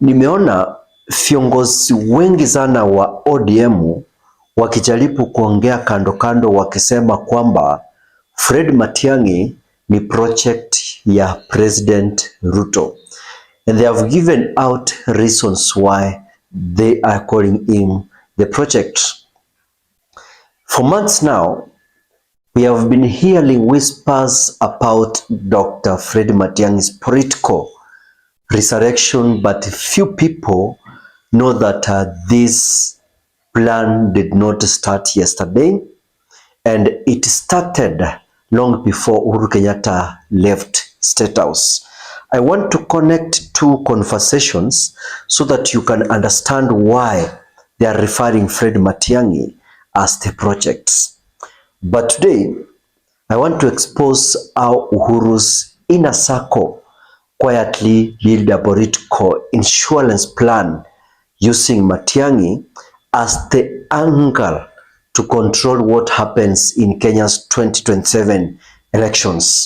Nimeona viongozi wengi sana wa ODM wakijaribu kuongea kando kando, wakisema kwamba Fred Matiang'i ni project ya President Ruto and they have given out reasons why they are calling him the project. For months now we have been hearing whispers about Dr. Fred Matiang'i's political resurrection, but few people know that uh, this plan did not start yesterday and it started long before Uhuru Kenyatta left State House. I want to connect two conversations so that you can understand why they are referring Fred Matiang'i as the projects. But today, I want to expose how Uhuru's inner circle quietly build a political insurance plan using Matiang'i as the angle to control what happens in Kenya's 2027 elections.